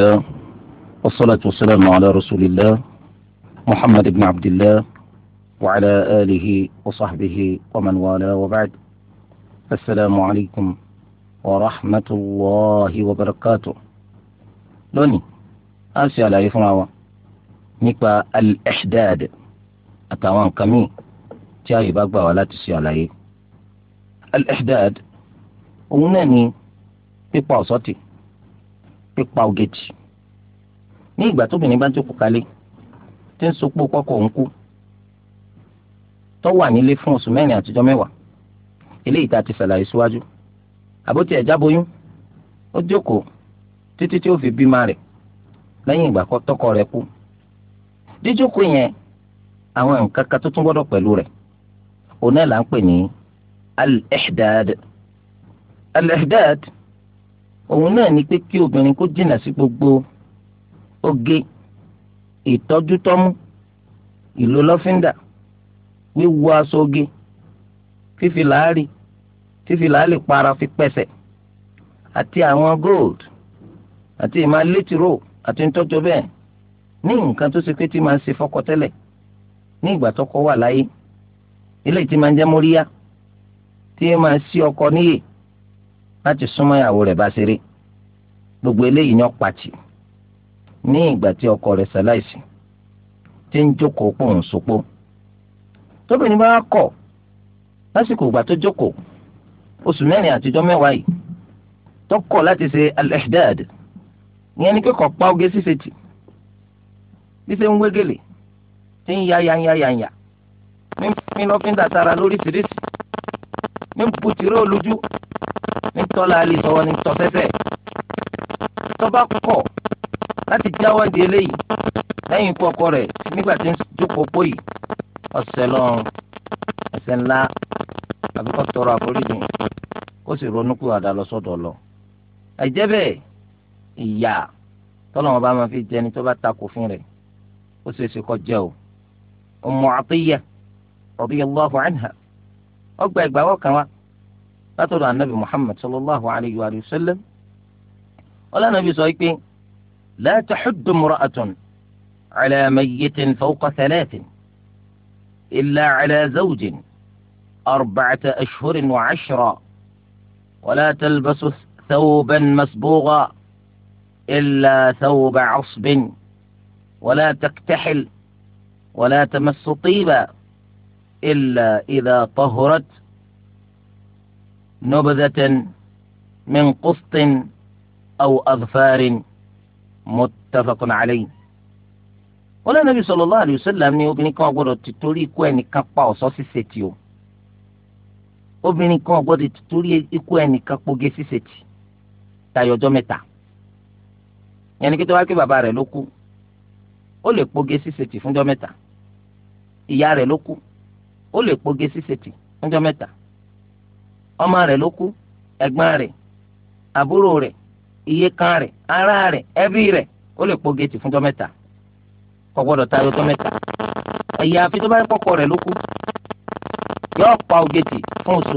الله والصلاة والسلام على رسول الله محمد بن عبد الله وعلى آله وصحبه ومن والاه وبعد السلام عليكم ورحمة الله وبركاته لوني أسي على يفنعوا نكبا الإحداد أتوان كمي جاي بقبا ولا تسي عليه الإحداد ومناني بقبا pípa ògèjì ní ìgbà tóbìnrin bá jókòó kalẹ̀ tí ń sopó kọkọ òun kú tó wà nílé fún oṣù mẹ́rin àtijọ́ mẹ́wàá eléyìí tá a ti ṣàlàyé síwájú àbótí ẹ̀ jáboyún ó jókòó títí tí ó fi bímọ rẹ̀ lẹ́yìn ìgbà kan tọkọ rẹ̀ kú díjókòó yẹn àwọn nǹkan kan tó tún gbọ́dọ̀ pẹ̀lú rẹ̀ òun náà là ń pè ní al-ihdad al-ihdad. al ihdad òun náà ni pé kí obìnrin kó jìnnà sí gbogbo oge ìtọ́jú tọ́mú ìlò lọ́fíńdà wíwọ aṣọ oge fífi làálì fífi làálì para fi pẹ̀sẹ̀ àti àwọn gold àti ìmọ̀ létírò àti ntọ́jọ́ bẹ́ẹ̀ ní nǹkan tó ṣe pé tí máa ń ṣe fọ́kọ tẹ́lẹ̀ ní ìgbà tọ́kọ wà láyé eléyìí tí máa ń jẹ́ móríyá tí máa ń ṣí ọkọ níyè láti súnmọ́ ìyàwó rẹ̀ bá ṣeré gbogbo eléyìí yan pàtì ní ìgbà tí ọkọ rẹ̀ ṣaláìsí tí ń jókòó pòun sopó tóbìnrin bá kọ̀ lásìkò ìgbà tó jókòó oṣù mẹ́rin àtijọ́ mẹ́wàá yìí tọkọ̀ láti ṣe al ìyẹn ni kíkọ̀ pa oge ṣíṣe tì bí ṣe ń wégele tí ń ya yanya yanya mi lọ́ fi ń dàtara lóríṣiríṣi mi ń butìrẹ́ olójú nítọ́lá alẹ́ sọ̀wọ́ ní tọ́fẹ́fẹ́ tọ́ba kọ̀ láti jáwọ́ di eléyìí lẹ́yìn ikú ọkọ rẹ̀ nígbà tí ń jókòó pò yìí ọ̀sẹ̀ lọ́run ẹ̀ṣẹ̀ ńlá àbí kó tọrọ àforíjìn kó sì ronú kú àdá lọ sọ́dọ̀ lọ. àìjẹ́ bẹ́ẹ̀ ìyà tọ́lọ́wọ́n bá máa fi jẹni tó bá takò fún rẹ̀ ó ṣeé ṣe kó jẹ́ o. Ummu Atiyya radiyallahu anha ọgbà ìgbàwọ̀ kan wa. látọ̀dọ̀ anabi muhammad sallallahu alayhi wa sallam ọlọ́run nàbí sọ pé la tahuddu imra'atun ala mayyitin fawqa thalathin illa ala zawjin arba'ata ashhurin wa ashra wala talbasu ثوبا مسبوغا إلا ثوب عصب ولا تكتحل ولا تمس طيبا إلا إذا طهرت نبذة من قسط أو أظفار متفق عليه wọ́n lẹ́nu sallallahu alayhi wa sallam ní obìnrin kan gbọ́dọ̀ ti torí ikú ẹnìkan pa ọ̀ṣọ́ ṣíṣe tì o obìnrin kan gbọ́dọ̀ ti torí ikú ẹnìkan poge ṣíṣe tì tayọ ọjọ́ mẹ́ta yẹn ni kí tó wá pé bàbá rẹ̀ ló kú ó lè poge ṣíṣe tì fúnjọ́ mẹ́ta ìyá rẹ̀ ló kú ó lè poge ṣíṣe tì fúnjọ́ mẹ́ta ọmọ rẹ̀ ló kú ẹ̀gbọ́n rẹ̀ àbúrò iye kan rẹ ara rẹ ẹbí rẹ ó lè po géètì fún tọ́mẹ́ta kò gbọ́dọ̀ tayọ tọ́mẹ́ta ẹ̀yà àfi tó bá rẹ̀ ló kú yóò pa fún oṣù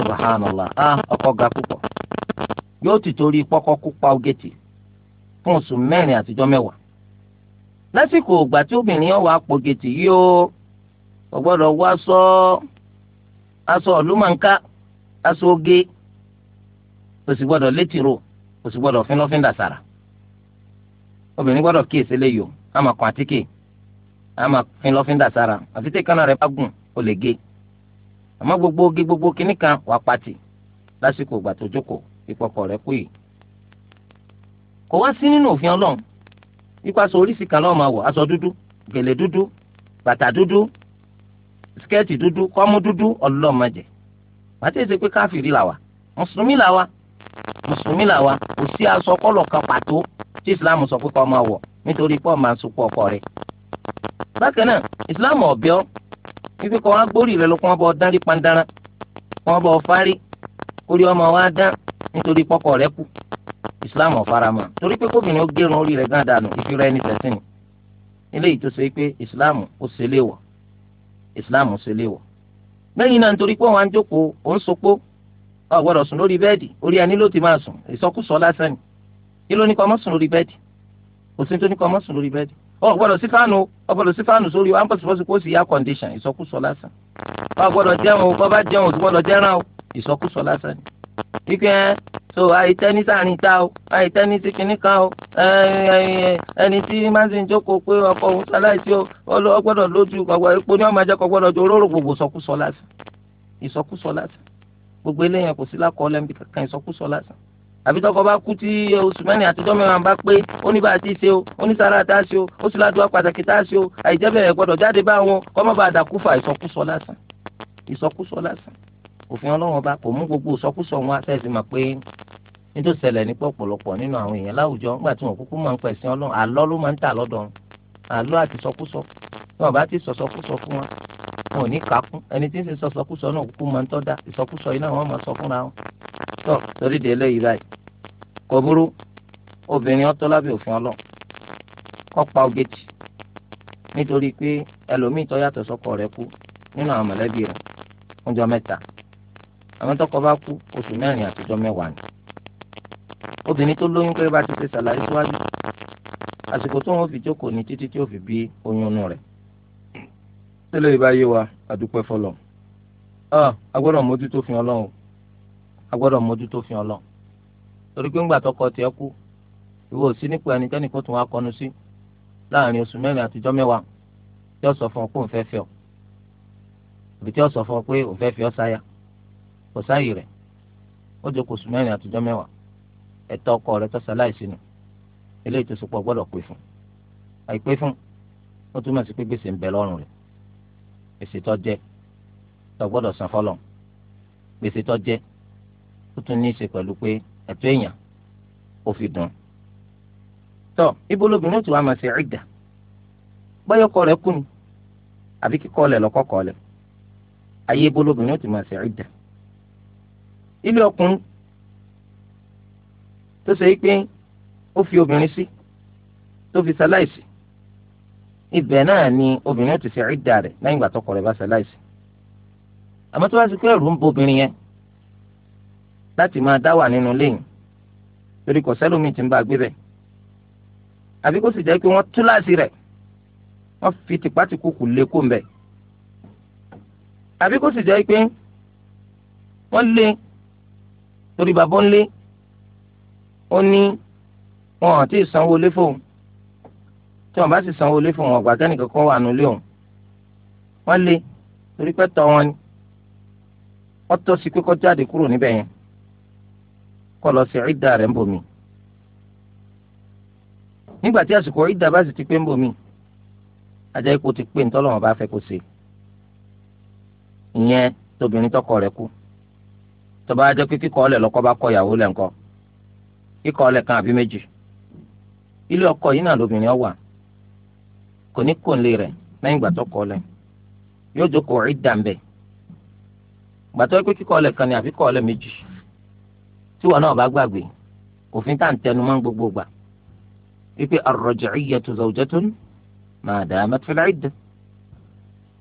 àtijọ́ ọkọ ga púpọ̀ yóò ti torí kú pa fún oṣù àtijọ́ lásìkò tí obìnrin yóò aṣọ ọ̀lùmọ̀ǹká aṣọ oge kò sì gbọ́dọ̀ létiro kò sì gbọ́dọ̀ fínlọ́fín dàsàrà obìnrin gbọ́dọ̀ kíyèsí léyìí o a máa kàn àtíkè a máa fínlọ́fín dàsàrà àfi tí kanáà rẹ bá gùn ó lè gé àmọ́ gbogbo oge gbogbo kinní kan wà pàtì lásìkò ìgbà tó jókòó ìpọ̀pọ̀ rẹ kú kò wá sí nínú òfin ọlọ́run wípé aṣọ oríṣi kan lọ́ọ́ máa wọ̀ aṣọ dúdú gèlè dúdú bàtà dúdú skẹ́ẹ̀tì dúdú kọ́mú dúdú ọlọ́mọdé pàtó èsì pé káfíìrì làwà mùsùlùmí làwà mùsùlùmí làwà kò sí aṣọ kọ́lọ̀ kan pàtó tí ìsìláàmù sọ pé kọ́ máa wọ̀ nítorí pọ́ máa sunkún ọkọ rẹ̀. bákan náà ìsìláàmù ọ̀bíọ́ wípé kọ́ wá gbórí rẹ̀ ló kọ́ wọ́n bọ́ dárí pandára kọ́ wọ́n bọ́ fárí orí ọmọ wa dá nítorí pọ́kọ rẹ̀ kú ìsìláàmù ọ̀farama torí pé kóbìnrin ó gérun orí rẹ̀ gán dànù ìfira ẹni tẹ̀sìn eléyìí tó ṣe pé ìsìláàmù ó ṣe léèwọ̀ islam ṣe léwọ̀ lẹ́yìn náà nítorí pé wọ́n á jókòó òun sopó ọ̀ gbọ́dọ̀ sùn lórí bẹ́ẹ̀dì orí ẹni ló ti máa sùn ìsọkúsọ lásán ni kí ló ní kọ́ mọ́sùn lórí bẹ́ẹ̀dì òsín tó ní kọ́ mọ́sùn lórí bẹ́ẹ̀dì ọ̀ gbọ́dọ̀ sí fáànù ọ̀ gbọ́dọ̀ sí sórí wọn pọ̀sipọ̀si kó sì yá kọ̀ǹdíṣàn ìsọkúsọ lásán ọ̀ gbọ́dọ̀ jẹun so àìtẹ́ni sáàrin ta o àìtẹ́ni sí kinní kan o ẹni tí máa ń sin jókòó pé ọkọ̀ òun ṣaláìsí o ọgbọ́dọ̀ lójú ọgbọ́ epo ní ọmọ ẹ̀jẹ̀ kọ́ gbọ́dọ̀ jọ róró gbogbo ìsọkúsọ lásán ìsọkúsọ lásán gbogbo eléyàn kò sí lákọọ́lẹ̀ níbi kankan ìsọkúsọ lásán àbí tọkọ bá kú tí oṣù mẹ́rin àtijọ́ mẹ́wàá bá pé ó ní bá a ti ṣe o ó ní sára tá a ṣe o ó sì ládùúgbò pàtàkì tá a ṣe o àìjẹ́ bẹ̀rẹ̀ gbọ́dọ̀ jáde bá wọn kọ́ mọ́ bá a dàkú fa ìsọkúsọ lásán ìsọkúsọ lásán òfin ọlọ́wọ́n bá kò mú gbogbo ìsọkúsọ wọn àtẹ̀sí mà pé nítorí ṣẹlẹ̀ ní pọ̀pọ̀lọpọ̀ nínú àwọn èèyàn láwùjọ nígbà tí wọn kúkú máa ń pẹ̀sìn ọlọ́run àlọ́ ló máa ń tà lọ́dọ̀ wọn àlọ́ àti sọkúsọ wọn bá ti sọsọkúsọ fún wọn wọn ò ní kakún ẹni tí ń ṣe sọsọkúsọ náà kúkú máa ń tọ́ da ìsọkúsọ iná wọn máa sọ fúnra wọn. tọ́ torí de eléyìí báyìí kò burú obìnrin ọtọ́ lábẹ́ òfin ọlọ́ kọ́ pa ogechi nítorí pé ẹlòmíì tó yàtọ̀ sọ́kọ rẹ̀ kú nínú àwọn mọ̀lẹ́bí rẹ̀ fúnjọ mẹ́ta àwọn tọkọ bá kú oṣù mẹ́rin àtijọ́ mẹ́wàá ni obìnrin tó lóyún pé bá ti ṣe ṣàlàyé síwájú àsìkò tó wọn fi jókòó ní títí tí ó fi bí oyún inú rẹ̀ tẹ́lẹ̀ ìbá yé wa àdúpẹ́ fọlọ́ a gbọ́dọ̀ mójútó fi ọlọ́run a gbọ́dọ̀ mójútó fi ọlọ́run torí pé ńgbà tọkọ tiẹ̀ kú ìwọ ò sí nípò ẹnikẹ́ni kó tún wá kọnu sí láàrin oṣù mẹ́rin àtijọ́ mẹ́wàá tí ó sọ fún ọ pé òun fẹ́ fẹ́ ọ òbí tí ó sọ fún ọ pé òun fẹ́ fẹ́ ọ sáyà kò sáyì rẹ̀ ó jókòó oṣù mẹ́rin àtijọ́ mẹ́wàá ẹ̀tọ́ ọkọ rẹ̀ tọ́sà láìsí nù eléyìí tó sopọ̀ gbọ́dọ̀ pé fún àìpé fún ó túmọ̀ sí pé gbèsè ń bẹ lọ́rùn rẹ̀ gbèsè tó jẹ́ tó gbọ́dọ̀ san fọlọ́n gbèsè tó jẹ́ ó tún ní í ṣe pẹ̀lú pé ẹ̀tọ́ èèyàn ó fi dùn. tọ́ ibo lóbìnrin tó wà máa ṣe ìdà bọ́yọ̀ kọ́ rẹ̀ kú ni àbí kíkọ́ lẹ̀ lọ́kọ́ kọ́ lẹ̀ ayé ibo lóbìnrin tó máa ṣe ìdà ilé ọkùnrin tó ṣe pé ó fi obìnrin sí tó fi ṣaláìsí ibẹ̀ náà ni obìnrin ó ti ṣe ìdá rẹ̀ lẹ́yìn ìgbà tọkọ rẹ̀ bá ṣaláìsí àmọ́ tó bá ti pé ẹ̀rù ń bo obìnrin yẹn láti máa dá wà nínú lẹ́yìn torí kò sẹ́lómi ti ń bá a gbé bẹ̀ àbí kó sì jẹ́ pé wọ́n tú láàsì rẹ̀ wọ́n fi tipátikùkù lé kó ń bẹ̀ àbí kó sì jẹ́ pé wọ́n lé torí bàbá ń lé ó ní wọn àti ìsanwó ilé fóun tí wọn bá sì sanwó ilé fóun ọgbà kẹ́nìkan kan wà nílé òun wọn lé torí pé tọ́ wọn ni wọ́n tọ́ sí pé kó jáde kúrò níbẹ̀ yẹn kó lọ sí ìdá rẹ̀ ń bòmí nígbà tí àsìkò ìdá bá sì ti pé ń bòmí ajá ipò ti pé ntọ́lọ́wọ́n bá fẹ́ kó ṣe ìyẹn tóbìnrin tọkọ rẹ̀ kú tọba ajá pé kíkọ́ ọ̀lẹ̀ lọ́kọ́ bá kọ ìyàwó lẹ̀ ńkọ́ ikọ̀ ọ̀lẹ̀ kan àbí méjì ilé ọkọ yìí náà lóbìnrin ọ̀wà kò ní kò lè rẹ̀ lẹ́yìn ìgbà tó kọ ọ̀lẹ̀ yóò jókòó rí dàmbẹ̀ gbàtọ́ pé kíkọ́ ọ̀lẹ̀ kan ni àbí kọ́ ọ̀lẹ̀ méjì tí wọn náà bá gbàgbé òfin tá à ń tẹnu mọ́ gbogbo gbà wípé ar-raj'iyyatu zawjatun ma damat fil 'idda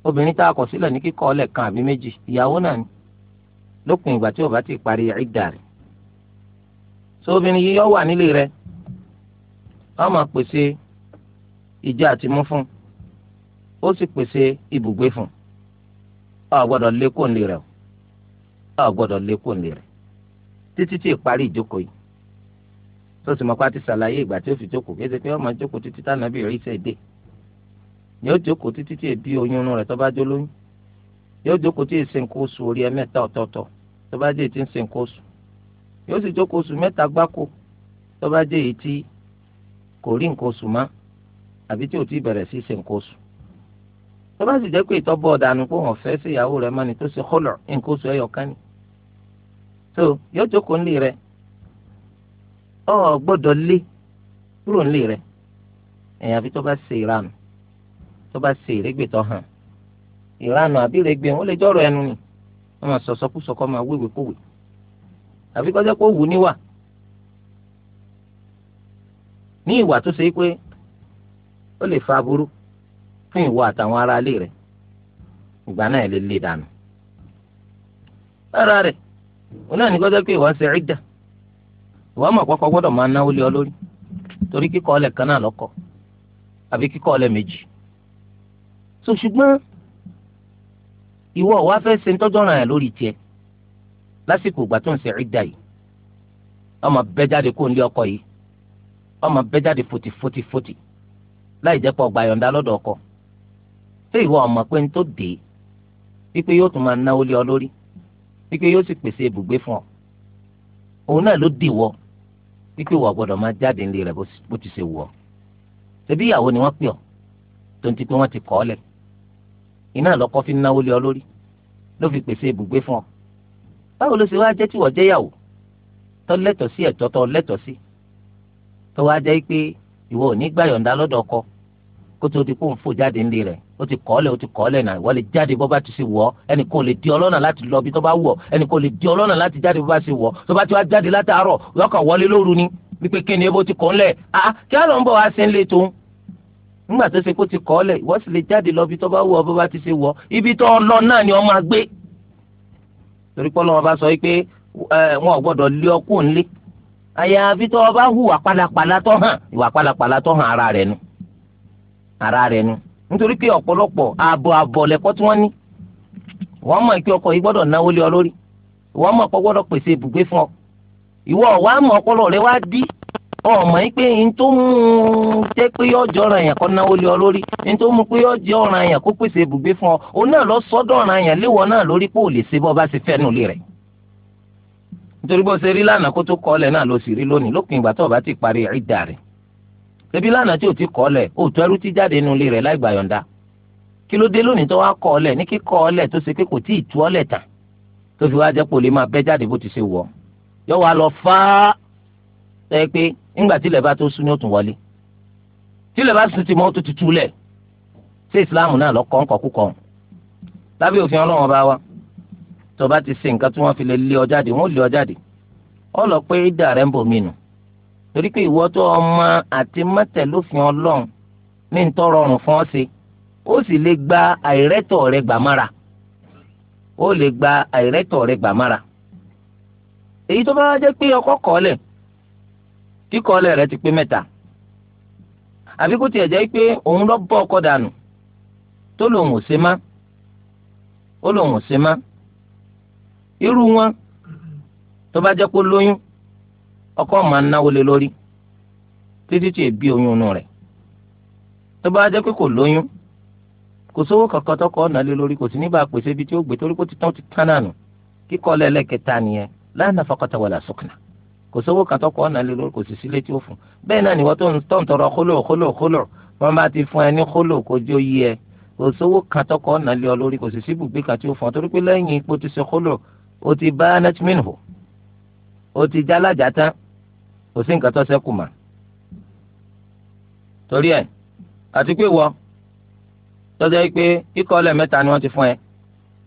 obìnrin tá a kọ̀ sílẹ̀ ní kíkọ́ ọ̀lẹ̀ kan àbí méjì ìyàwó náà ni lópin ìgbà tí ó bá ti parí ìdá rẹ̀ so obìnrin yìí yọ wà nílé rẹ wọ́n máa pèsè ìjẹ àti mú fún ó sì pèsè ibùgbé fún ọ gbọ́dọ̀ lé kó nílé rẹ ọ gbọ́dọ̀ lé kó nílé rẹ títí tí ìparí ìjókòó yìí tó sì mọ pé a ti ṣàlàyé ìgbà tí ó fi jókòó kí ẹ ṣe pé ọmọ jókòó títí tá nàbí rí ṣe dé yóò jókòó títí tí èbí oyún rẹ tó bá jó lóyún yóò jókòó tí èsì nǹkan oṣù orí ẹ̀mẹ́ta ọ̀tọ̀ọ̀tọ̀ tó bá jẹ́ ètí ń ṣe nǹkan oṣù yóò sì jókòó oṣù mẹ́ta gbáko tó bá jẹ́ èyí tí kò rí nǹkan oṣù mọ́ àbí tí ò ti bẹ̀rẹ̀ sí ṣe nǹkan oṣù tó bá sì jẹ́ pé ìtọ́bọ̀ ọ̀dànù pé wọ́n fẹ́ sí ìyàwó rẹ̀ mọ́ni tó ṣe kọ́lọ̀ nǹkan oṣù ẹyọ kan ni so yóò jókòó ńlẹ̀ rẹ̀ ọ̀ gbọ́dọ̀ lé kúrò ńlẹ̀ rẹ̀ ẹ̀yìn àfi tó bá ṣe ìranù tó bá ṣe ìrégbè tó hàn ìranù àbí ìrégbè wọn lè jọ̀rọ̀ ẹnu ni wọ́n máa sọ̀sọ́kúsọ máa wéwèé kówèé àfi kọjá pé ó wù níwà ní ìwà tó ṣe pé ó lè fa aburú fún ìwọ àtàwọn ará ilé rẹ̀ ìgbà náà lè lè dànù lára rẹ̀ òun náà ní kọjá pé ìwà ń ṣe ìdá ìwà ọmọ àpapọ̀ gbọ́dọ̀ máa náwó lé ọ lórí torí kíkọ́ ọlẹ̀ kan náà lọ́kọ̀ àbí kíkọ́ ọlẹ̀ méjì so ṣùgbọ́n ìwọ wá fẹ́ ṣe ń tọ́jọ́ ràn yàn lórí tiẹ̀ lásìkò ìgbà tó ń ṣe ìdá yìí ọmọ bẹ́ jáde kó ń lé ọkọ yìí ọmọ bẹ́ jáde fotifotifoti láì jẹ́ pọ̀ gbà yọ̀ǹda lọ́dọ̀ ọkọ ṣé ìwọ ọmọ pé ń tó dé wípé yóò tún máa náwó lé ọ lórí wípé yóò sì pèsè ibùgbé fún ọ òun náà ló dìwọ wípé wọ́n gbọ́dọ̀ máa jáde nílé rẹ̀ bó ti ṣe wù ṣebí ìyàwó ni wọ́n pè ọ́ tó ń ti pé wọ́n ti kọ́ ọ lẹ̀ iná lọ́kọ́ fi náwó lé ọ lórí ló fi pèsè ibùgbé fún ọ báwo ló ṣe wá jẹ́ tí wọ́n jẹ́ yàwó tó lẹ́tọ̀ sí ẹ̀tọ́ tó lẹ́tọ̀ sí tó wá jẹ́ pé ìwọ ò ní gbà yọ̀ǹda lọ́dọ̀ ọkọ kó tó di kó ń fò jáde nílé rẹ̀ ó ti kọ́lẹ̀ ó ti kọ́lẹ̀ náà ìwọ lè jáde bọ́ bá ti ṣe wọ̀ ẹnì kan lè di ọlọ́nà láti lọ bí tó bá wọ̀ ẹnì kan lè di ọlọ́nà láti jáde bọ́ bá ṣe wọ̀ tó bá ti wá jáde látàárọ̀ lọ́kàn wọlé lóru ni wípé kí ni ebo ti kọ́ ńlẹ̀ ah kí á lọ ń bọ̀ wá sí ńlẹ̀ tó ń nígbà tó ṣe kó ti kọ́lẹ̀ ìwọ sì lè jáde lọ bí tó bá wọ̀ bọ́ bá ti ṣe wọ̀ ibi tó lọ náà ni ó máa torí pé ọlọ́wọ́n bá sọ pé wọn ò gbọ́dọ̀ lé ọkú nílé àyàfi tó o bá tó hàn ìwà tó hàn ara rẹ̀ nu ara nu nítorí pé ọ̀pọ̀lọpọ̀ ààbọ̀ ààbọ̀ lẹ́kọ́ tí wọ́n ní wọ́n mọ̀ pé ọkọ̀ yìí gbọ́dọ̀ náwó lé ọ lórí wọ́n mọ̀ gbọ́dọ̀ pèsè ibùgbé fún ọ ìwọ ọmọ yìí pé n tó mú un jẹ́ pé yọ jọ ọ̀ràn yẹn kọ́ náwó lé ọ lórí n tó mú pé yọ jẹ́ ọ̀ràn yẹn kó pèsè ibùgbé fún ọ òun náà lọ sọ́dọ̀ ọ̀ràn yẹn léwọ náà lórí pé ò lè ṣe bọ́ bá ṣe fẹ́ nulẹ̀ rẹ̀ nítorí bó ṣe rí lánàá kó tó kọ́ ọ̀lẹ̀ náà ló sì rí lónìí lópin ìgbà tó o bá ti parí ìdá rẹ̀ ṣebí lánàá tí ti kọ́ ọ̀lẹ̀ o wá kọ́ ọ̀lẹ̀ ní ṣe pé nígbà tí ilẹ̀ bá tó sún ní òtún wọlé tí ilẹ̀ bá sún ti mọ́ ó tó ti túlẹ̀ ṣé ìsìláàmù náà lọ kọ́ńkọ́ kúkọ́ lábẹ́ òfin ọlọ́run ọba wa tó bá ti ṣe nǹkan tí wọ́n fi lè lé ọ jáde wọ́n lé ọ jáde ọ lọ pé ìdá rẹ̀ ń bò mí nù torí pé ìwọ tó ọmọ àti mọ́tẹ̀ lófin ọlọ́run ní ntọ́rọ fún ọ ṣe ó sì lè gba àìrẹ́tọ̀ rẹ gbà mára ó lè gba àìrẹ́tọ̀ rẹ gbà mára èyí tó bá wá jẹ́ pé ọkọ̀ kọ́ lẹ̀ kíkọ́lẹ̀ rẹ ti pé mẹ́ta àbí kó tiẹ̀ jẹ́ pé òun lọ bọ́ ọkọ dànù tó lòun ò ṣe má ó lòun ò ṣe má irú wọn tó bá jẹ́ kó lóyún ọkọ máa ń náwó lé lórí títí tí èbí oyún inú rẹ̀ tó bá jẹ́ pé kò lóyún kò sówó kankan tọkọ ọ̀nà lé lórí kò sí ní pèsè ibi tí ó gbé torí kó ti tán ti tán dànù kíkọ́lẹ̀ lẹ́kẹta nìyẹn la nafaqata wala sukna kò sówó kan tọkọ ọ̀nà lè lórí kò sì sílé tí ó fún bẹ́ẹ̀ náà níwọ́n tó ń tọ́ ń tọrọ kólò kólò kólò wọ́n bá ti fún ẹ ní kólò kójú yí ẹ kò sówó kan tọkọ ọ̀nà lè lórí kò sì sí ibùgbé kan tí ó fún ọ torí pé lẹ́yìn ipò ti ṣe kólò ó ti bá netmin hù ó ti já alájà tán kò sí nǹkan tó ṣẹ́kù mà torí ẹ àti pé wọ tọ́jà yìí pé ikọ̀ ọlẹ́ mẹ́ta ni wọ́n ti fún ẹ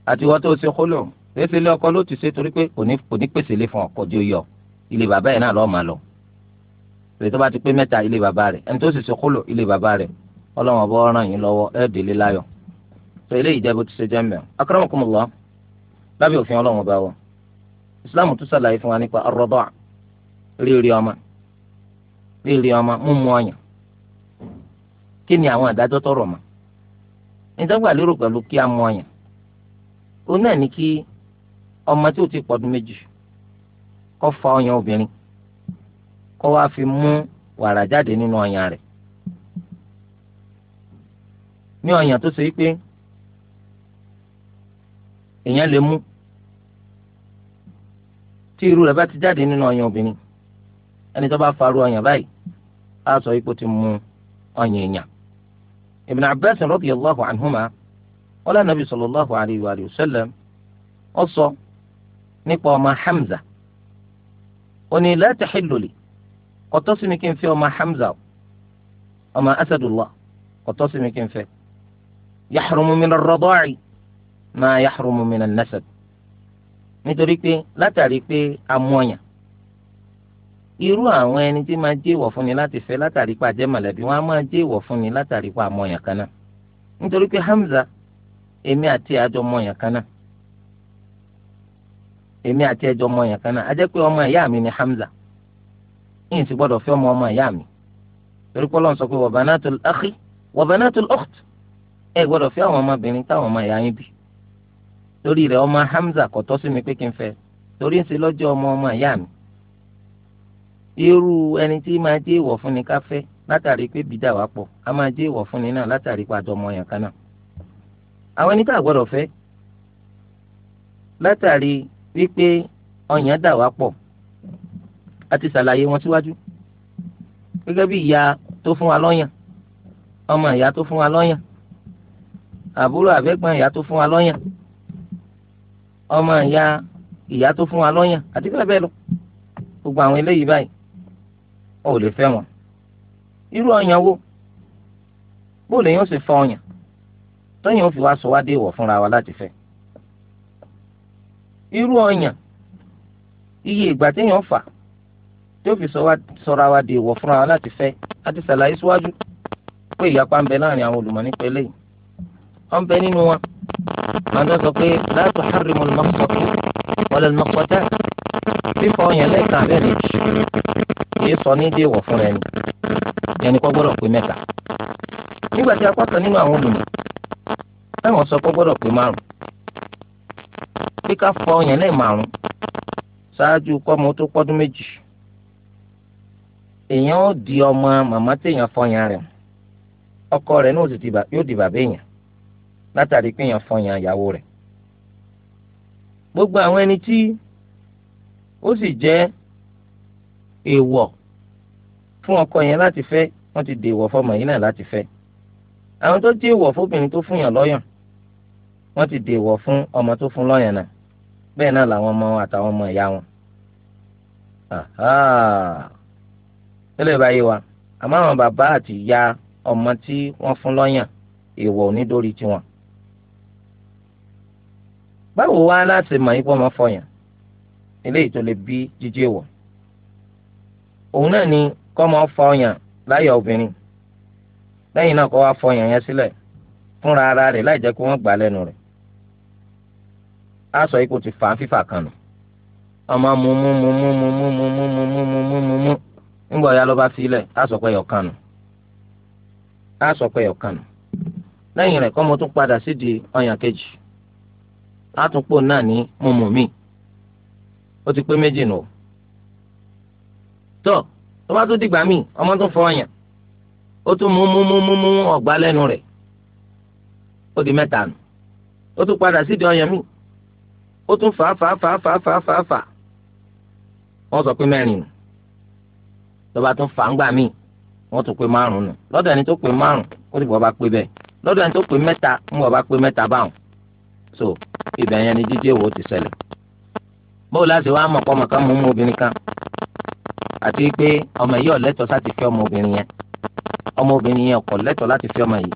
àti wọ́n tó ṣe kólò fèsì ilé ọkọ ló ti ṣe torí pé kò ní pèsè ilé fún ọkọ̀ ojú yọ ilé bàbá yẹn náà lọ́ọ́ máa lọ pé tó bá ti pé mẹ́ta ilé bàbá rẹ̀ ẹni tó sì ṣe kólò ilé bàbá rẹ̀ ọlọ́run ọba ọ̀ràn yín lọ́wọ́ ẹ̀ délé láyọ̀ tó ilé ìjẹ́ bó ti ṣe jẹ́ mẹ́rin akramakumullah lábẹ́ òfin ọlọ́run ọba wa islam tún ṣàlàyé fún wa nípa ar-radaa rírí ọmọ rírí ọmọ múmu ọyàn kí ni àwọn àdájọ́ tó rọ̀ mọ́ nítorí àlérò pẹ̀lú kí a mú ọyàn òun náà ní kí ọmọ tí ó ti pọ̀ ọdún méjì Ọ fa ọyàn obìnrin kọwaa wá fi mú wàrà jáde nínú ọyàn rẹ̀ ní ọyàn tó ṣe é pé èèyàn lè mú tí irú rẹ̀ bá ti jáde nínú ọyàn obìnrin ẹni tó bá faru ọyàn báyìí á sọ ipò ti mú ọyàn èèyàn Ibn Abbas radiyallahu anhuma wala nabi sallallahu alayhi wa sallam ọ sọ nípa ọmọ Hamza. ó ní la tahillu li kò mi Hamza ɔma Asadullah kò tọ́ sí mi kí n fẹ́ yahrumu min ar-rada'i ma yahrumu min an-nasab nítorí pé látàrí pé amọ̀yàn irú àwọn ẹni tí máa jẹ́ ìwọ̀ fúnni láti fẹ́ látàrí pé àjẹ́ mọ̀lẹ́bí wọn á máa jẹ́ ìwọ̀ fúnni látàrí pé Hamza emi ati àjọ mọ̀yàn kana. èmi àti ẹjọ ọmọ yẹn kan náà pé ọmọ ìyá mi ni Hamza yìí ti gbọ́dọ̀ fẹ́ ọmọ ọmọ ìyá mi torí pé Ọlọ́run sọ pé wa banatul akhi wa banatul ukht ẹ gbọ́dọ̀ fẹ́ àwọn ọmọbìnrin táwọn ọmọ ìyá yín bí torí rẹ̀ ọmọ Hamza kò tọ́ sí mi pé kí n fẹ́ torí ń ṣe lọ́jọ́ ọmọ ọmọ ìyá mi irú ẹni tí máa jẹ́ ìwọ̀ fún ni ká fẹ́ látàrí pé bìdá wa pọ̀ á máa jẹ́ ìwọ̀ fún náà látàrí pé àjọmọ yẹn kan àwọn ẹni tá a gbọ́dọ̀ fẹ́ látàrí wípé ọyàn dà wá pọ̀ a ti ṣàlàyé wọn síwájú gẹ́gẹ́ bí ìyá tó fún wa lọ́yàn ọmọ ìyá tó fún wa lọ́yàn àbúrò àbẹ́gbọ́n ìyá tó fún wa lọ́yàn ọmọ ìyá ìyá tó fún wa lọ́yàn àti bẹ́ẹ̀ bẹ́ẹ̀ lọ gbogbo àwọn eléyìí báyìí ò lè fẹ́ wọn irú ọyàn wo bóòlù yẹn ó sì fọ ọyàn tọ́yìn ó fi wá sọ wá dé ìwọ̀ fúnra wa láti fẹ́ iru ọyàn iye ìgbà téèyàn fà tí fi sọra wa di ìwọ̀ fúnra wa láti fẹ́ láti ṣàlàyé síwájú pé ìyapa ń bẹ láàrin àwọn olùmọ̀ nípa eléyìí wọ́n bẹ nínú wọn àwọn sọ pé la tuharrimul maqsata wala al-maqsatat fífọ ọyàn lẹ́ẹ̀kan abẹ́ rẹ̀ kìí sọ ní déèwọ̀ fúnra ẹni ẹni kọ́ pé nígbà tí bí ká fọ ọyàn lẹ́ẹ̀ márùn ṣáájú kọ́mọ tó pọ́dún méjì èèyàn ó di ọmọ màmá téèyàn fọyàn rẹ̀ ọkọ rẹ̀ náà yóò di bàbá èèyàn látàrí pé èèyàn fọyàn ìyàwó rẹ̀ gbogbo àwọn ẹni tí ó sì jẹ́ èèwọ̀ fún ọkọ yẹn láti fẹ́ wọ́n ti dèèwọ̀ fọmọ yìí náà láti fẹ́ àwọn tó jẹ́ èèwọ̀ fóbìnrin tó fún yàn lọ́yàn wọ́n ti dèwọ̀ fún ọmọ tó fún lọ́yàn náà bẹ́ẹ̀ náà làwọn ọmọ àtàwọn ọmọ ìyá wọn. tẹ́lẹ̀ báyé wa àmọ́ àwọn bàbá àti ìyá ọmọ tí wọ́n fún lọ́yàn èèwọ̀ onídórí tiwọn. báwo wá láti mọ̀ ipò ọmọ fọyàn eléyìí tó lè bí jíjẹ́ wọ̀ òun náà ni kọ́mọ fọyàn láyà obìnrin lẹ́yìn náà kọ́ wá fọyàn yẹn sílẹ̀ fúnra ara rẹ̀ láì jẹ́ kó wọ́n gbà lẹ́nu rẹ̀ á sọ yìí kò ti fà á fífà kan nù ọmọ mu mu mu mu mu mu mu mu mu mu mu mu mu mu ńgbọ ya ló bá filẹ̀ á sọ pé ẹyọkan nù á sọ pé ẹyọkan nù lẹ́yìn rẹ̀ kọ́mọ tún padà sídìí ọyàn kejì á náà ní mímú mi ó ti pé méjì nù tó tó bá tún dìgbà mí ọmọ tún fọ ọyàn ó tún mú mú mú mú mú ọgbà lẹ́nu rẹ̀ ó di mẹ́ta nù ó tún padà sídìí ọyàn mí. ó tún fà á fà á fà á fà á fà á fà á fà wọ́n sọ pé mẹ́rin nù lọ́ba tún fà á ń gbà míì wọ́n tún pé márùn nù lọ́dọ̀ ẹni tó pé márùn ó sì bọ́ bá pé bẹ́ẹ̀ lọ́dọ̀ ẹni tó pé mẹ́ta ń bọ́ bá pé mẹ́ta báwọn so ibẹ̀ yẹn ni jíjí èwo ti ṣẹlẹ̀ bóòlù láti wá mọ̀ pọ́mọ kan mú mú obìnrin kan àti pé ọmọ yìí ọ̀lẹ́tọ̀ láti fẹ́ ọmọ obìnrin yẹn ọmọ obìnrin yẹn ọkọ̀ lẹ́tọ̀ láti fẹ́ ọmọ yìí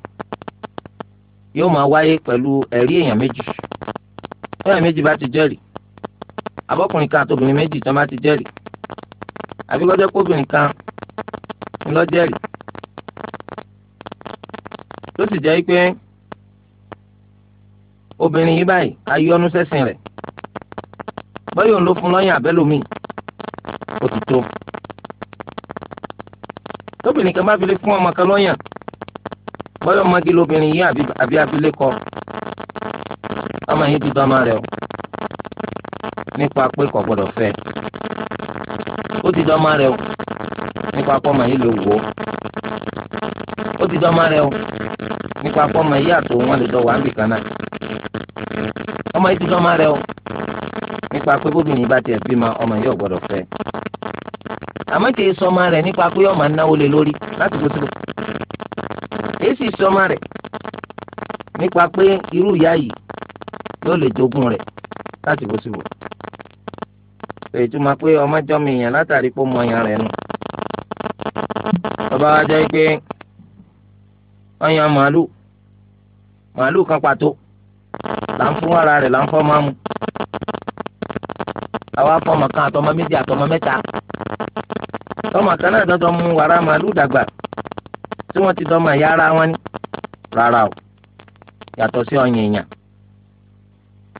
yóò máa wáyé pẹ̀lú ẹ̀rí èèyàn méjì bẹ́ẹ̀ méjì bá ti jẹ́rìí abọ́kùnrin kan àtòbìnrin méjì tán bá ti jẹ́rìí àbí lọ́jọ́ kóbìnrin kan ń lọ jẹ́rìí tó sì jẹ́ pé obìnrin yìí báyìí ayọ́nú sẹ́sìn rẹ̀ bọ́yọ̀ òun ló fún lọ́yìn àbẹ́lòmíì ó ti tó tóbìnrin kan bá fi lè fún ọmọ kan lọ́yìn bọ́yọ̀ ọmọge lobìnrin yìí àbí abilékọ. Àbí ọmọ ihe ti ma rẹ o nípa pé kò gbọdọ fẹ. ó ti dọ́mọ o nípa pọ́mọ yìí ló wò ó ti dọ́mọ o nípa pọ́mọ yìí àtò wọn lè kan náà ọmọ yìí ti dọ́mọ rẹ̀ o nípa pé bóbìnrin bá tiẹ̀ bímọ ọmọ yìí ò àmọ́ kì í nípa pé ọmọ lórí láti èyí sì yóò lè jogún rẹ̀ láti bó ti wò. pé ìtumọ̀ pé ọmọjọ́ mi yàn látàrí pé ó mọ ìyàn rẹ̀ nù. bàbá wa jẹ́ pé wọ́n yan màálù màálù kan pàtó là ń fún ara rẹ̀ là ń fọ́ máa mu. àwa fọmọ kan àtọmọ méjì àtọmọ mẹ́ta tọmọ kan náà dọ́dọ̀ mu wàrà màálù dàgbà tí wọ́n ti dọ́mọ ìyá ara wọn ni rárá o yàtọ̀ sí ọyàn èèyàn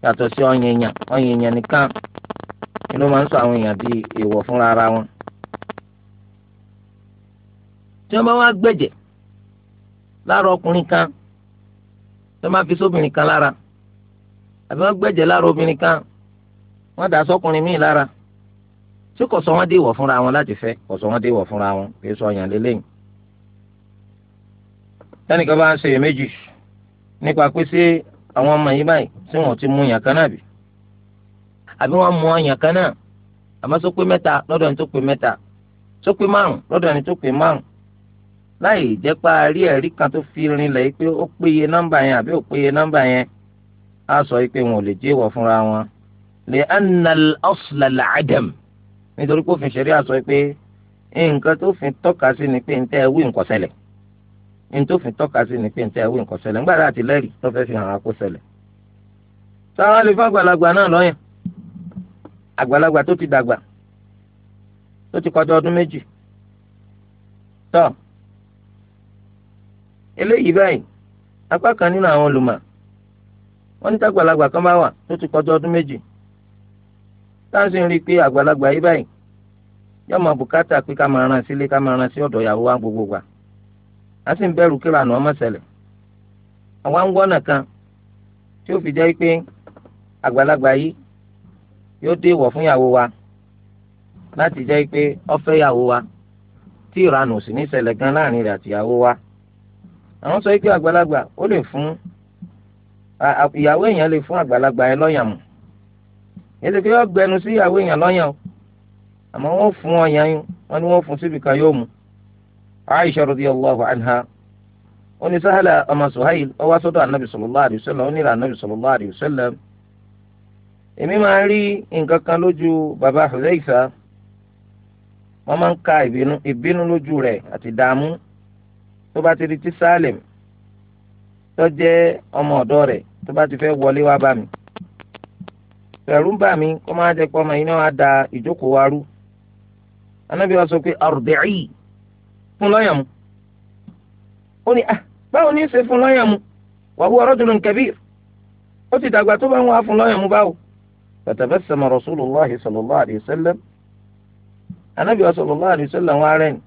yàtọ̀ sí ọyàn èèyàn ọyàn èèyàn nìkan inú máa ń sọ àwọn èèyàn di èèwọ̀ fúnra ara wọn. tí wọ́n bá wá gbẹ̀jẹ̀ lára ọkùnrin kan tí wọ́n bá fi sóbìnrin kan lára àbí wọ́n gbẹ̀jẹ̀ lára obìnrin kan wọ́n dà sọ́kùnrin míì lára tí kò sọ wọ́n dé ìwọ̀ fúnra wọn láti fẹ́ kò sọ wọ́n dé ìwọ̀ fúnra wọn kì í sọ ọyàn lélẹ́yìn. tẹ́nìkan bá ń ṣe iyèméjì nípa pé ṣé àwọn ọmọ yìí báyìí tí wọn ti mú yàn kan náà bì àbí wọn mú ọyàn kan náà àmọ́ tó pé mẹ́ta lọ́dọ̀ ni tó pé mẹ́ta tó pé márùn lọ́dọ̀ ni tó pé márùn láì jẹ́ pa rí ẹ̀rí kan tó fi rinlẹ̀ pé ó péye nọ́mbà yẹn àbí ó péye nọ́mbà yẹn á sọ pé wọn ò lè jẹ́ ìwọ̀ fúnra wọn lè anna al-asla adam nítorí pé òfin ṣẹ̀rí àsọ pé nǹkan tó fi tọ́ka sí ni pé ń tẹ́ ẹ wí nǹkan ṣẹlẹ̀. ntòfin tọ́ka sí ni pé ntẹ́ ẹ̀wé nǹkan ṣẹlẹ̀ ńgbàdá àti lẹ́rìí tó fẹ́ fi hàn ákó ṣẹlẹ̀. sáwọn lè fún àgbàlagbà náà lọ́yàn àgbàlagbà tó ti dàgbà tó ti kọjá ọdún méjì tọ́ eléyìí báyìí apá kan nínú àwọn olùmọ̀ wọ́n ní kan bá wà tó ti kọjá ọdún méjì táwọn sì rí i pé àgbàlagbà yìí báyìí yọ̀ọ́ mọ̀ bùkátà pé ká máa sílé ká máa asị sì ń bẹ̀rù kíra àná ọmọ ṣẹlẹ̀ àwa kan tí ó fi jẹ́ pé àgbàlagbà yìí yóò dé ìwọ̀ fún ìyàwó wa láti jẹ́ pé ọ̀fẹ́ ìyàwó wa tí ìranù sì ní sẹlẹ̀ gan láàrin rẹ̀ àti ìyàwó wa àwọn sọ pé àgbàlagbà ó lè fún ìyàwó èèyàn lè fún àgbàlagbà ẹ ọgbẹnu sí ìyàwó èèyàn lọ́yàn o àmọ́ wọ́n fún ọyàn yín wọ́n ní wọ́n aisha radiyallahu anha oní sahala ọmọ suhail ó wá sọ́dọ̀ anabi sallallahu alayhi wa sallam onílà anabi sallallahu alayhi wa sallam èmi máa ń rí nǹkan kan lójú baba hudhaifa wọ́n máa ń ka ìbínú lójú rẹ̀ àti dààmú tó bá ti di ti salim tó jẹ́ ọmọ ọ̀dọ̀ rẹ̀ tó bá ti fẹ́ wọlé wá bá mi pẹ̀lú bá mi kó máa jẹ́ pọ́ yìí náà á da ìjókòó wa rú anabi wa sọ pé ardi'i fún lọ́ọ̀yà mu ó ní ah báwo ní í ṣe fún lọ́ọ̀yà mu wa huwa rajulun kabir ó ti dàgbà tó bá ń wá fún lọ́ọ̀yà mu báwo. fatabassama rasulullahi sallallahu alayhi wa sallam anabi wa sallallahu alayhi wa sallam wa rẹ̀ ni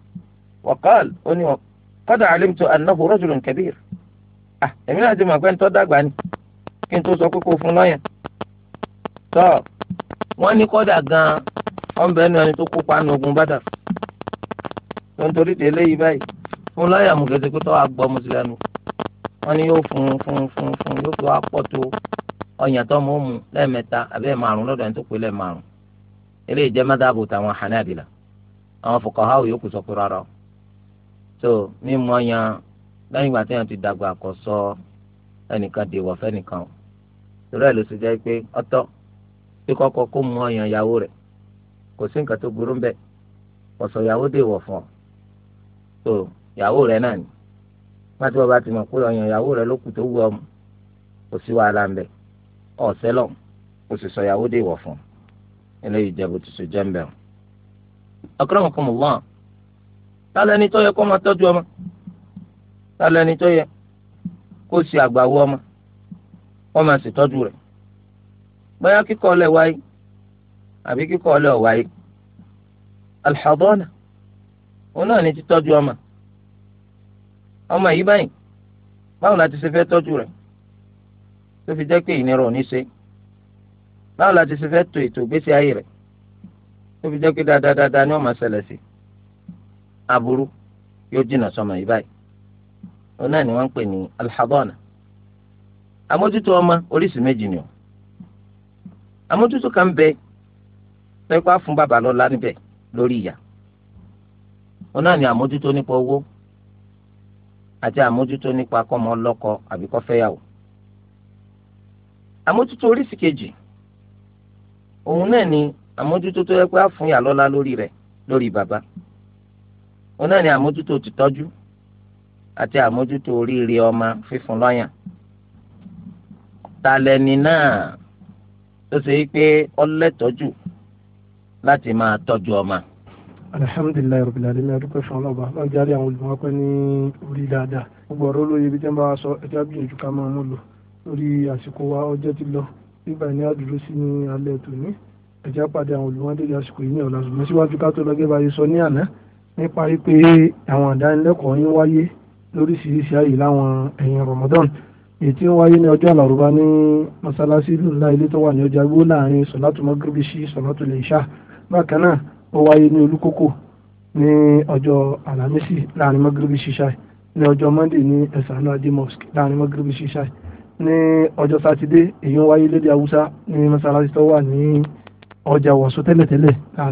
wa qaal ó ní qad alimtu annahu rajulun kabir ah èmi náà ti mọ̀ pé ń tọ́ dàgbà ni kí n tó sọ kókó fún lọ́ọ̀yà tọ́ wọ́n ní kọ́dà gan-an ọ̀nbẹ́ni wọn torí de eléyìí báyìí fún lọ́ọ̀yà mùgẹ́sẹ̀ pé tọ́wọ́ àgbọ̀ mùsùlùmí wọn ni yóò fún fún fún fún yóò fi wá pọ̀ tó ọyàn tó mọ̀ mú lẹ́ẹ̀mẹ́ta àbẹ́ márùn lọ́dọ̀ ẹni tó pé lẹ́ẹ̀márùn eléyìí jẹ́ táwọn hanabila àwọn fòkàháwò yòókù sọ pé rárá tó mímú ọyàn lẹ́yìn ìgbà téèyàn ti dàgbà kò sọ ẹnìkan dèwọ̀ fẹ́nìkan torí ẹ̀ ló ṣe jẹ́ pé ọtọ́ kọ́kọ́ kó mú ọyàn rẹ̀ kò sí nǹkan tó burú bẹ́ẹ̀ dèwọ̀ fún ọ so ìyàwó rẹ náà ni wọn ti bàbá ti mọ̀ pé ọyàn ìyàwó rẹ ló kù tó wù ọmọ kò sí wàhálà ń bẹ ọ̀sẹ̀ lọ kò sì sọ ìyàwó dé ìwọ̀ fún eléyìí jẹ́ bó ti sọ jẹ́ ń bẹ̀rù. akramakumullah tálẹ̀ ní tó yẹ kó máa tọ́jú ọmọ tálẹ̀ ní tó yẹ kó sì àgbàwọ ọmọ wọ́n máa sì tọ́jú rẹ̀ bóyá kíkọ́ ọlẹ̀ wáyé àbí kíkọ́ ọlẹ̀ ọ̀wáyé alḥadọ́nà òun náà ní títọ́jú ọmọ ọmọ yìí báyìí ti ṣe fẹ́ tọ́jú rẹ̀ tó fi jẹ́ pé ìnira ò ṣe báwo la ti ṣe fẹ́ tò ètò ìgbésí ayé rẹ̀ tó fi jẹ́ pé dáadáa dáadáa ni ó ṣẹlẹ̀ sí aburú yóò jìnnà sọmọ yìí báyìí òun ni wọ́n ń pè ní alhadana ọmọ oríṣi méjì ni o àmójútó kan bẹ fún bàbá lọ́la níbẹ̀ lórí ìyá. wọn náà ní àmójútó nípa owó àti àmójútó nípa kọ́mọ ọlọ́kọ àbí kọ́fẹ́yàwó àmójútó oríṣìí kejì òun náà ní àmójútó tó yẹ pé á fún ìyàlọ́lá lórí rẹ̀ lórí bàbá òun náà ní àmójútó tìtọ́jú àti àmójútó oríire ọmọ fífún lọ́yàn talẹ́ni náà tó ṣe é pé ọlẹ́tọ́jú láti máa tọ́jú ọmọ alihamudulilayi rabil alamin adúpẹ́ fún ọlọ́ba lọ́jàre àwọn olùmọ̀ọ́pẹ́ ní orí dáadáa gbogbo ọ̀rọ̀ olóye ibi jẹ́ ń bá wa sọ ẹja gbìyànjú ká máa mú lò lórí àsìkò wa ọjọ́ ti lọ nígbà ní àdúró sí ní alẹ́ tòní ẹja pàdé àwọn olùmọ̀ọ́dẹ́jà àsìkò yìí ní ọ̀la ṣùgbọ́n síwájú ká tó lọ́gẹ́ báyìí sọ ní àná nípa wípé àwọn àdánilẹ́kọ̀ọ́ yín wáyé lóríṣiríṣi ààyè láwọn ẹ̀yìn Ramadan èyí tí ó wáyé ní ọjọ́ àlàrúbá ní mọ́sálásí ìlú ńlá ilé tó wà ní ọjà gbó láàrin sọ̀látù mọ́gíríbíṣì sọ̀látù lè bákan náà ó wáyé ní olúkókò ní ọjọ́ alámísì láàrin mọ́gíríbì ṣíṣáì ní ọjọ́ monday ní ẹ̀sánú adé mosque láàrin mọ́gíríbì ṣíṣáì ní ọjọ́ sátidé èyí ń wáyé lédè haúsá ní mọ́sálásí tó wà ní ọjà wọ̀sọ tẹ́lẹ̀tẹ́lẹ̀